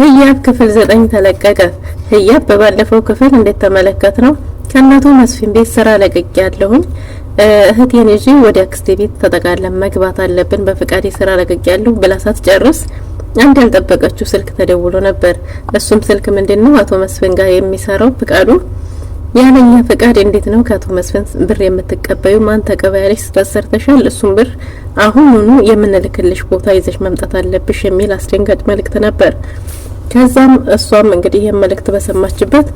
ህያብ ክፍል ዘጠኝ ተለቀቀ። ህያብ በባለፈው ክፍል እንዴት ተመለከት ነው ከእናቱ መስፍን ቤት ስራ ለቅቅ ያለሁኝ እህቴን ይዤ ወደ አክስቴ ቤት ተጠቃለን መግባት አለብን በፍቃዴ ስራ ለቅቅ ያለሁ ብላ ሳትጨርስ አንድ ያልጠበቀችው ስልክ ተደውሎ ነበር። እሱም ስልክ ምንድን ነው አቶ መስፍን ጋር የሚሰራው ፍቃዱ ያለኛ ፍቃድ እንዴት ነው ከአቶ መስፍን ብር የምትቀበዩ? ማን ተቀባያለሽ? ስታሰርተሻል? እሱም ብር አሁኑኑ የምንልክልሽ ቦታ ይዘሽ መምጣት አለብሽ የሚል አስደንጋጭ መልእክት ነበር። ከዛም እሷም እንግዲህ ይህን መልእክት በሰማችበት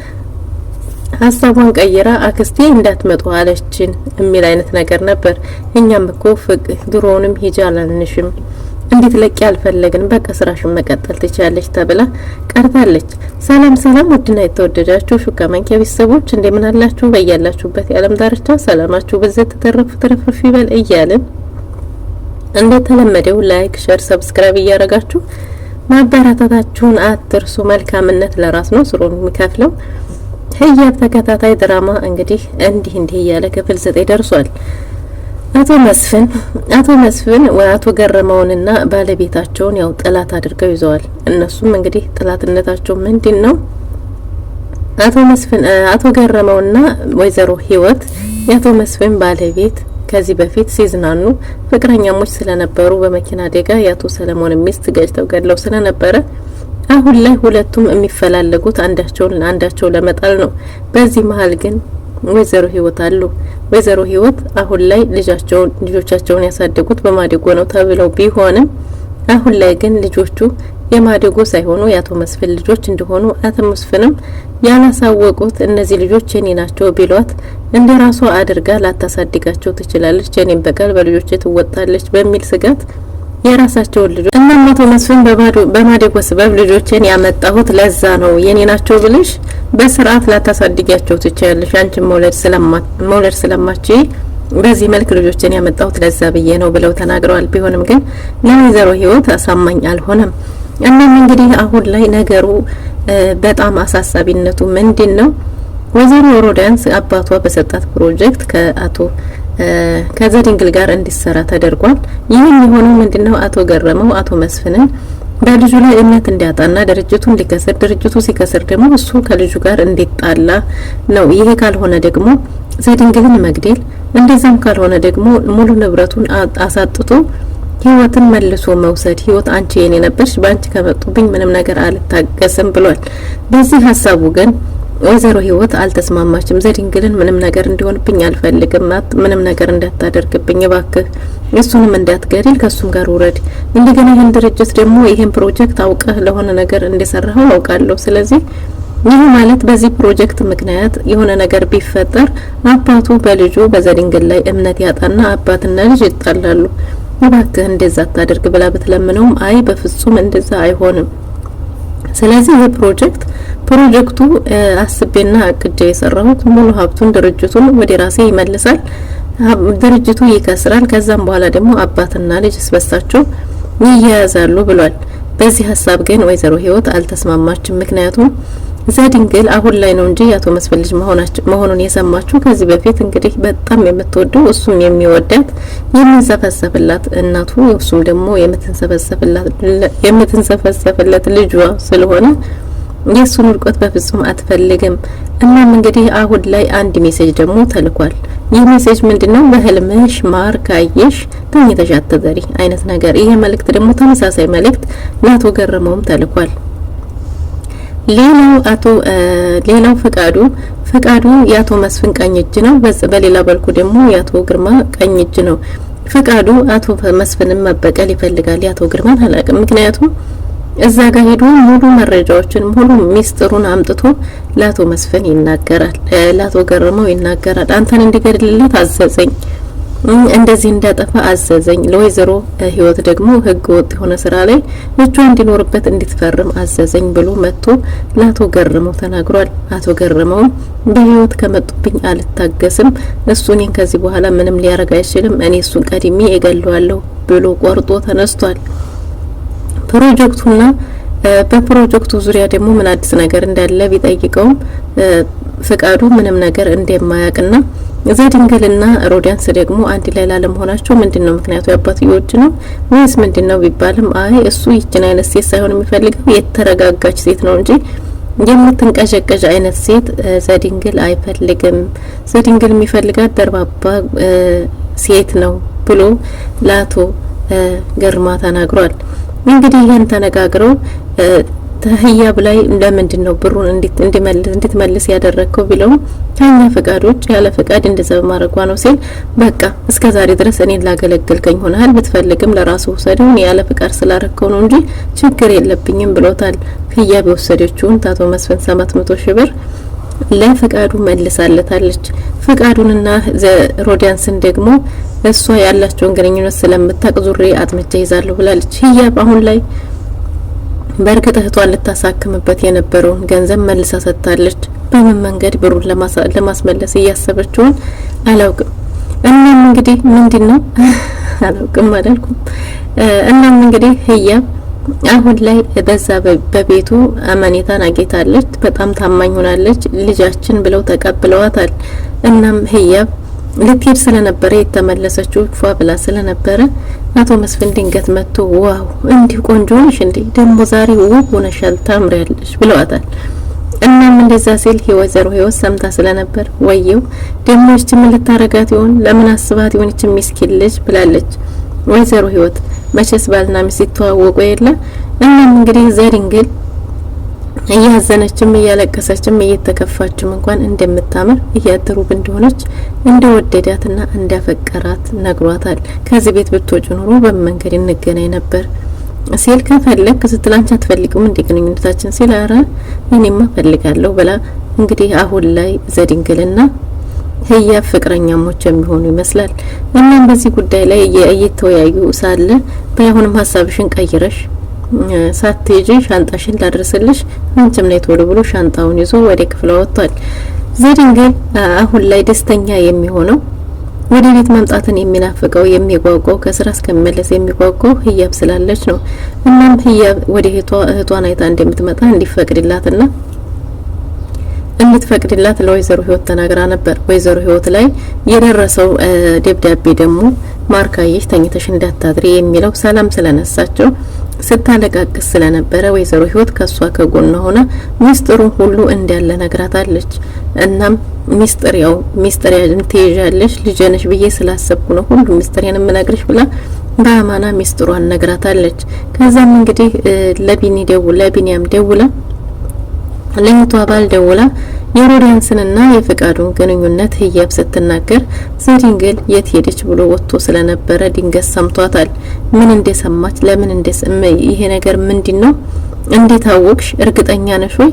ሀሳቧን ቀይራ አክስቴ እንዳትመጡ አለችን የሚል አይነት ነገር ነበር። እኛም እኮ ድሮውንም ሂጂ አላልንሽም እንዴት ለቂ አልፈለግን። በቃ ስራሽን መቀጠል ትችላለች ተብላ ቀርታለች። ሰላም ሰላም! ውድና የተወደዳችሁ ሹካ መንኪያ ቤተሰቦች እንደምን አላችሁ? በያላችሁበት የዓለም ዳርቻ ሰላማችሁ ብዘት ተተረፉ ተረፍርፍ ይበል እያልን እንደተለመደው ላይክ፣ ሸር፣ ሰብስክራይብ እያረጋችሁ ማበረታታችሁን አትርሱ። መልካምነት ለራስ ነው ስሩን የሚከፍለው። ህያብ ተከታታይ ድራማ እንግዲህ እንዲህ እንዲህ እያለ ክፍል ዘጠኝ ደርሷል። አቶ መስፍን አቶ መስፍን አቶ ገረመውንና ባለቤታቸውን ያው ጥላት አድርገው ይዘዋል። እነሱም እንግዲህ ጥላትነታቸው ምንድን ነው? አቶ መስፍን አቶ ገረመውና ወይዘሮ ህይወት የአቶ መስፍን ባለቤት ከዚህ በፊት ሲዝናኑ ፍቅረኛሞች ስለነበሩ በመኪና አደጋ የአቶ ሰለሞን ሚስት ገጭተው ገድለው ስለነበረ አሁን ላይ ሁለቱም የሚፈላለጉት አንዳቸውን አንዳቸው ለመጣል ነው። በዚህ መሀል ግን ወይዘሮ ህይወት አሉ። ወይዘሮ ህይወት አሁን ላይ ልጃቸውን ልጆቻቸውን ያሳደጉት በማደጎ ነው ተብለው ቢሆንም አሁን ላይ ግን ልጆቹ የማደጎ ሳይሆኑ የአቶ መስፍን ልጆች እንደሆኑ አቶ መስፍንም ያላሳወቁት እነዚህ ልጆች የኔ ናቸው ቢሏት እንደ ራሷ አድርጋ ላታሳድጋቸው ትችላለች፣ የኔን በቀል በልጆች ትወጣለች በሚል ስጋት የራሳቸውን ልጆች እና አቶ መስፍን በማደጎ ስበብ ልጆችን ያመጣሁት ለዛ ነው። የኔ ናቸው ብልሽ በስርዓት ላታሳድጊያቸው ትችያለሽ፣ አንቺን መውለድ ስለማች በዚህ መልክ ልጆችን ያመጣሁት ለዛ ብዬ ነው ብለው ተናግረዋል። ቢሆንም ግን ለወይዘሮ ህይወት አሳማኝ አልሆነም። እናም እንግዲህ አሁን ላይ ነገሩ በጣም አሳሳቢነቱ ምንድን ነው? ወይዘሮ ሮዳንስ አባቷ በሰጣት ፕሮጀክት ከአቶ ከዘድንግል ጋር እንዲሰራ ተደርጓል። ይህም የሆነው ምንድነው አቶ ገረመው አቶ መስፍንን በልጁ ላይ እምነት እንዲያጣና ድርጅቱ እንዲከስር ድርጅቱ ሲከስር ደግሞ እሱ ከልጁ ጋር እንዲጣላ ነው። ይሄ ካልሆነ ደግሞ ዘድንግልን መግደል፣ እንደዛም ካልሆነ ደግሞ ሙሉ ንብረቱን አሳጥቶ ህይወትን መልሶ መውሰድ። ህይወት አንቺ የኔ ነበርሽ፣ በአንቺ ከመጡብኝ ምንም ነገር አልታገስም ብሏል። በዚህ ሀሳቡ ግን ወይዘሮ ህይወት አልተስማማችም። ዘድንግልን ምንም ነገር እንዲሆንብኝ አልፈልግም፣ ምንም ነገር እንዳታደርግብኝ እባክህ፣ እሱንም እንዳትገድል፣ ከሱም ጋር ውረድ። እንደገና ይህን ድርጅት ደግሞ ይህን ፕሮጀክት አውቀህ ለሆነ ነገር እንደሰራኸው አውቃለሁ። ስለዚህ ይህ ማለት በዚህ ፕሮጀክት ምክንያት የሆነ ነገር ቢፈጠር አባቱ በልጁ በዘድንግል ላይ እምነት ያጣና አባትና ልጅ ይጣላሉ። እባክህ እንደዛ አታደርግ ብላ ብትለምነውም አይ በፍጹም እንደዛ አይሆንም ስለዚህ ይህ ፕሮጀክት ፕሮጀክቱ አስቤና አቅጄ የሰራሁት ሙሉ ሀብቱን ድርጅቱን ወደ ራሴ ይመልሳል። ድርጅቱ ይከስራል። ከዛም በኋላ ደግሞ አባትና ልጅ ስበሳቸው ይያያዛሉ ብሏል። በዚህ ሀሳብ ግን ወይዘሮ ህይወት አልተስማማችም። ምክንያቱም ዘድንግል አሁን ላይ ነው እንጂ የአቶ መስፍን ልጅ መሆኑን የሰማችሁ ከዚህ በፊት እንግዲህ በጣም የምትወደው እሱም የሚወዳት የሚንሰፈሰፍላት እናቱ እሱም ደግሞ የምትንሰፈሰፍለት ልጇ ስለሆነ የእሱን ውድቀት በፍጹም አትፈልግም። እናም እንግዲህ አሁን ላይ አንድ ሜሴጅ ደግሞ ተልኳል። ይህ ሜሴጅ ምንድነው? በህልምሽ ማር ካየሽ ተኝተሽ አትዘሪ አይነት ነገር። ይሄ መልእክት ደግሞ ተመሳሳይ መልእክት ለአቶ ገረመውም ተልኳል። ሌላው አቶ ሌላው ፈቃዱ ፈቃዱ የአቶ መስፍን ቀኝ እጅ ነው። በሌላ በልኩ ደግሞ የአቶ ግርማ ቀኝ እጅ ነው። ፈቃዱ አቶ መስፍንን መበቀል ይፈልጋል። የአቶ ግርማን አላውቅም። ምክንያቱም እዛ ጋር ሄዶ ሙሉ መረጃዎችን ሙሉ ሚስጥሩን አምጥቶ ለአቶ መስፍን ይናገራል፣ ለአቶ ገርመው ይናገራል። አንተን እንዲገድልለት አዘዘኝ እንደዚህ እንዳጠፋ አዘዘኝ። ለወይዘሮ ህይወት ደግሞ ህገ ወጥ የሆነ ስራ ላይ እጇ እንዲኖርበት እንድትፈርም አዘዘኝ ብሎ መጥቶ ለአቶ ገረመው ተናግሯል። አቶ ገረመውም በህይወት ከመጡብኝ አልታገስም፣ እሱ እኔን ከዚህ በኋላ ምንም ሊያረግ አይችልም፣ እኔ እሱን ቀድሜ እገለዋለሁ ብሎ ቆርጦ ተነስቷል። ፕሮጀክቱና በፕሮጀክቱ ዙሪያ ደግሞ ምን አዲስ ነገር እንዳለ ቢጠይቀውም ፍቃዱ ምንም ነገር እንደማያውቅና ዘድንግልና ሮዲያንስ ደግሞ አንድ ላይ ላለመሆናቸው ምንድን ነው ምክንያቱ? የአባትዮች ነው ወይስ ምንድን ነው ቢባልም አይ እሱ ይችን አይነት ሴት ሳይሆን የሚፈልገው የተረጋጋች ሴት ነው እንጂ የምትንቀዠቀዥ አይነት ሴት ዘድንግል አይፈልግም። ዘድንግል የሚፈልጋት ደርባባ ሴት ነው ብሎ ላቶ ግርማ ተናግሯል። እንግዲህ ይህን ተነጋግረው ህያብ ላይ ለምንድን ነው ብሩን እንድትመልስ ያደረግከው ቢለውም ከኛ ፈቃድ ውጭ ያለ ፈቃድ እንደዛ በማድረጓ ነው ሲል በቃ እስከ ዛሬ ድረስ እኔን ላገለግልከኝ ሆነሃል ብትፈልግም ለራሱ ወሰደው ያለ ፈቃድ ስላረከው ነው እንጂ ችግር የለብኝም ብሎታል። ህያብ የወሰደችውን ታቶ መስፍን 700 ሺህ ብር ለፍቃዱ መልሳለታለች። ፍቃዱንና ዘሮዲያንስን ደግሞ እሷ ያላቸውን ግንኙነት ስለምታቅ ዙሬ አጥምቼ ይዛለሁ ብላለች። ህያብ አሁን ላይ በእርግጥ እህቷን ልታሳክምበት የነበረውን ገንዘብ መልሳ ሰጥታለች። በምን መንገድ ብሩን ለማስመለስ እያሰበችውን አላውቅም። እናም እንግዲህ ምንድን ነው አላውቅም አላልኩም። እናም እንግዲህ ህያብ አሁን ላይ በዛ በቤቱ አመኔታን አግኝታለች። በጣም ታማኝ ሆናለች። ልጃችን ብለው ተቀብለዋታል። እናም ህያብ ልትሄድ ስለነበረ የተመለሰችው ፏ ብላ ስለነበረ አቶ መስፍን ድንገት መጥቶ ዋው እንዲህ ቆንጆ ነሽ እንዴ ደግሞ ዛሬ ውብ ሆነሻል ታምሪያለሽ ብለዋታል። እናም እንደዛ ሲል የወይዘሮ ህይወት ሰምታ ስለነበር ወየው ደግሞ እቺ ምን ልታረጋት ይሆን ለምን አስባት ይሆን እቺ ሚስኪን ልጅ ብላለች። ወይዘሮ ህይወት መቼስ ባልና ሚስት ተዋወቁ የለ እናም እንግዲህ ዘድንግል እያዘነችም እያለቀሰችም እየተከፋችም እንኳን እንደምታምር እያደሩብ እንደሆነች እንደወደዳትና እንዳፈቀራት ነግሯታል። ከዚህ ቤት ብትወጪ ኑሮ በመንገድ እንገናኝ ነበር ሲል ከፈለግ ስትል አንቺ አትፈልግም እንዴ ግንኙነታችን ሲል አረ እኔማ ፈልጋለሁ ብላ እንግዲህ አሁን ላይ ዘድንግልና ህያብ ፍቅረኛሞች የሚሆኑ ይመስላል። እናም በዚህ ጉዳይ ላይ እየተወያዩ ሳለ በአሁንም ሀሳብሽን ቀይረሽ ሳትሄጂ ሻንጣሽን ላድርስልሽ፣ ምንጭም ላይ ቶሎ ብሎ ሻንጣውን ይዞ ወደ ክፍለ ወጥቷል። ዘድንግል አሁን ላይ ደስተኛ የሚሆነው ወደ ቤት መምጣትን የሚናፍቀው የሚጓጓው ከስራ እስከመለስ የሚጓጓው ህያብ ስላለች ነው። እናም ህያብ ወደ እህቷን አይታ እንደምትመጣ እንዲፈቅድላትና እንድትፈቅድላት ለወይዘሮ ህይወት ተናግራ ነበር። ወይዘሮ ህይወት ላይ የደረሰው ደብዳቤ ደግሞ ማርካየሽ ተኝተሽ እንዳታድሪ የሚለው ሰላም ስለነሳቸው ስታለቃቅስ ስለነበረ ወይዘሮ ህይወት ከሷ ከጎን ሆና ሚስጥሩን ሁሉ እንዳለ ነግራታለች። እናም ሚስጥር ያው ሚስጥር ያን ትይዣለሽ ልጅነሽ ብዬ ስላሰብኩ ነው ሁሉ ሚስጥሬን የምነግርሽ ብላ በአማና ሚስጥሯን ነግራታለች። ከዛም እንግዲህ ለቢኒ ደውላ ለቢኒያም ደውላ ለእህቷ ባል ደውላ የሮዳንስንና የፈቃዱን ግንኙነት ህያብ ስትናገር ዘድንግል የት ሄደች ብሎ ወጥቶ ስለነበረ ድንገት ሰምቷታል። ምን እንደሰማች ለምን እንደስ ይሄ ነገር ምንድን ነው? እንዴት አወቅሽ? እርግጠኛ ነሽ ወይ?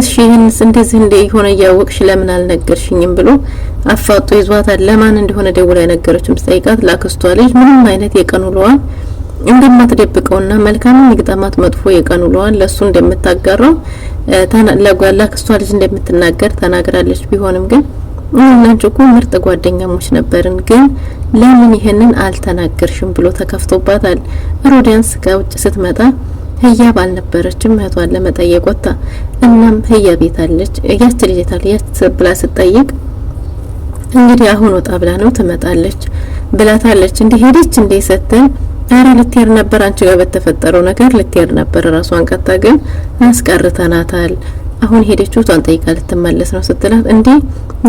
እሺ ይህንስ እንደዚህ እንደ የሆነ እያወቅሽ ለምን አልነገርሽኝም? ብሎ አፋጦ ይዟታል። ለማን እንደሆነ ደውላ የነገረችው ምስጠይቃት ላክስቷ ልጅ ምንም አይነት የቀኑ ውሏን እንደማትደብቀውና መልካም የሚግጠማት መጥፎ የቀኑ ውሏን ለሱ እንደምታጋራው ለጓላ ክሷ ልጅ እንደምትናገር ተናግራለች። ቢሆንም ግን እኔና ጭቁ ምርጥ ጓደኛሞች ነበርን፣ ግን ለምን ይሄንን አልተናገርሽም ብሎ ተከፍቶባታል። ሮዲያንስ ከውጭ ስትመጣ ህያብ አልነበረችም እህቷን ለመጠየቅ ወጥታ። እናም ህያብ የት አለች ያች ልጅ የት አለች ብላ ስትጠይቅ እንግዲህ አሁን ወጣ ብላ ነው ትመጣለች ብላታለች። እንዲህ ሄደች እንዴ ስትል ዛሬ ልትሄድ ነበር አንቺ ጋር በተፈጠረው ነገር ልትሄድ ነበር። ራሷን ቀጣ ግን ያስቀርተናታል። አሁን ሄደችው ቷን ጠይቃ ልትመለስ ነው ስትላት፣ እንዴ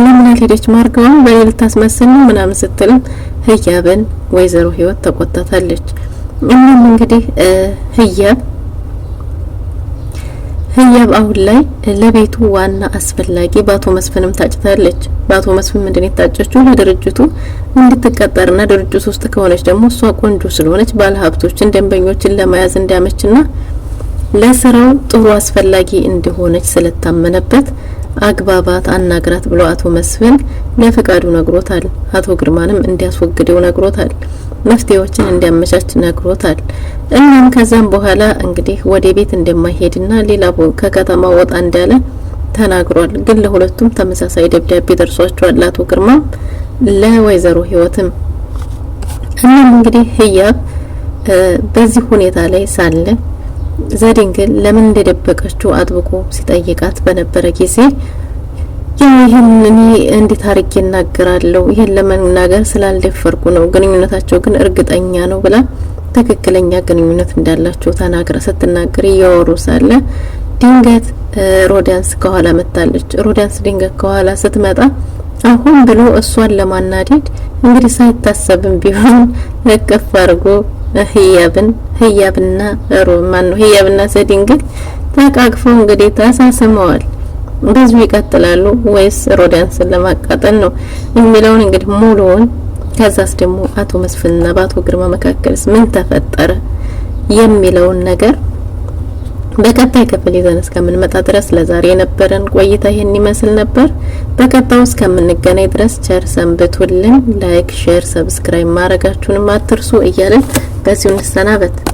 ለምን አልሄደች ማርገዋ በእኔ ልታስመስል ነው ምናምን ስትልም ህያብን ወይዘሮ ህይወት ተቆጣታለች። እኛም እንግዲህ ህያብ ህያብ አሁን ላይ ለቤቱ ዋና አስፈላጊ በአቶ መስፍንም ታጭታለች። በአቶ መስፍን ምንድን የታጨችው ለድርጅቱ እንድትቀጠርና ድርጅቱ ውስጥ ከሆነች ደግሞ እሷ ቆንጆ ስለሆነች ባለሀብቶችን፣ ደንበኞችን ለመያዝ እንዲያመችና ለስራው ጥሩ አስፈላጊ እንደሆነች ስለታመነበት አግባባት አናግራት ብሎ አቶ መስፍን ለፍቃዱ ነግሮታል። አቶ ግርማንም እንዲያስወግደው ነግሮታል። መፍትሄዎችን እንዲያመቻች ነግሮታል። እናም ከዛም በኋላ እንግዲህ ወደ ቤት እንደማይሄድና ሌላ ከከተማ ወጣ እንዳለ ተናግሯል። ግን ለሁለቱም ተመሳሳይ ደብዳቤ ደርሷቸዋል፣ ለአቶ ግርማ ለወይዘሮ ህይወትም። እናም እንግዲህ ህያብ በዚህ ሁኔታ ላይ ሳለ ዘዴን ለምን እንደደበቀችው አጥብቆ ሲጠይቃት በነበረ ጊዜ ያው ይህን እኔ እንዴት አርጌ እናገራለሁ? ይህን ለመናገር ስላልደፈርኩ ነው። ግንኙነታቸው ግን እርግጠኛ ነው ብላ ትክክለኛ ግንኙነት እንዳላቸው ተናግራ ስትናገር እያወሩ ሳለ ድንገት ሮዳንስ ከኋላ መታለች። ሮዳንስ ድንገት ከኋላ ስትመጣ አሁን ብሎ እሷን ለማናደድ እንግዲህ ሳይታሰብም ቢሆን እቅፍ አድርጎ ህያብን ህያብና ሮ ማን ነው ህያብና ሰዲን ግን ተቃቅፈው እንግዲህ ተሳስመዋል። እንደዚሁ ይቀጥላሉ ወይስ ሮዳንስን ለማቃጠል ነው የሚለውን እንግዲህ ሙሉውን ከዛስ ደግሞ አቶ መስፍንና በአቶ ግርማ መካከልስ ምን ተፈጠረ የሚለውን ነገር በቀጣይ ክፍል ይዘን እስከምንመጣ ድረስ ለዛሬ የነበረን ቆይታ ይህን ይመስል ነበር። በቀጣዩ እስከምንገናኝ ድረስ ቸር ሰንብቱልን። ላይክ፣ ሼር፣ ሰብስክራይብ ማድረጋችሁንም አትርሱ እያለን በዚሁ እንሰናበት።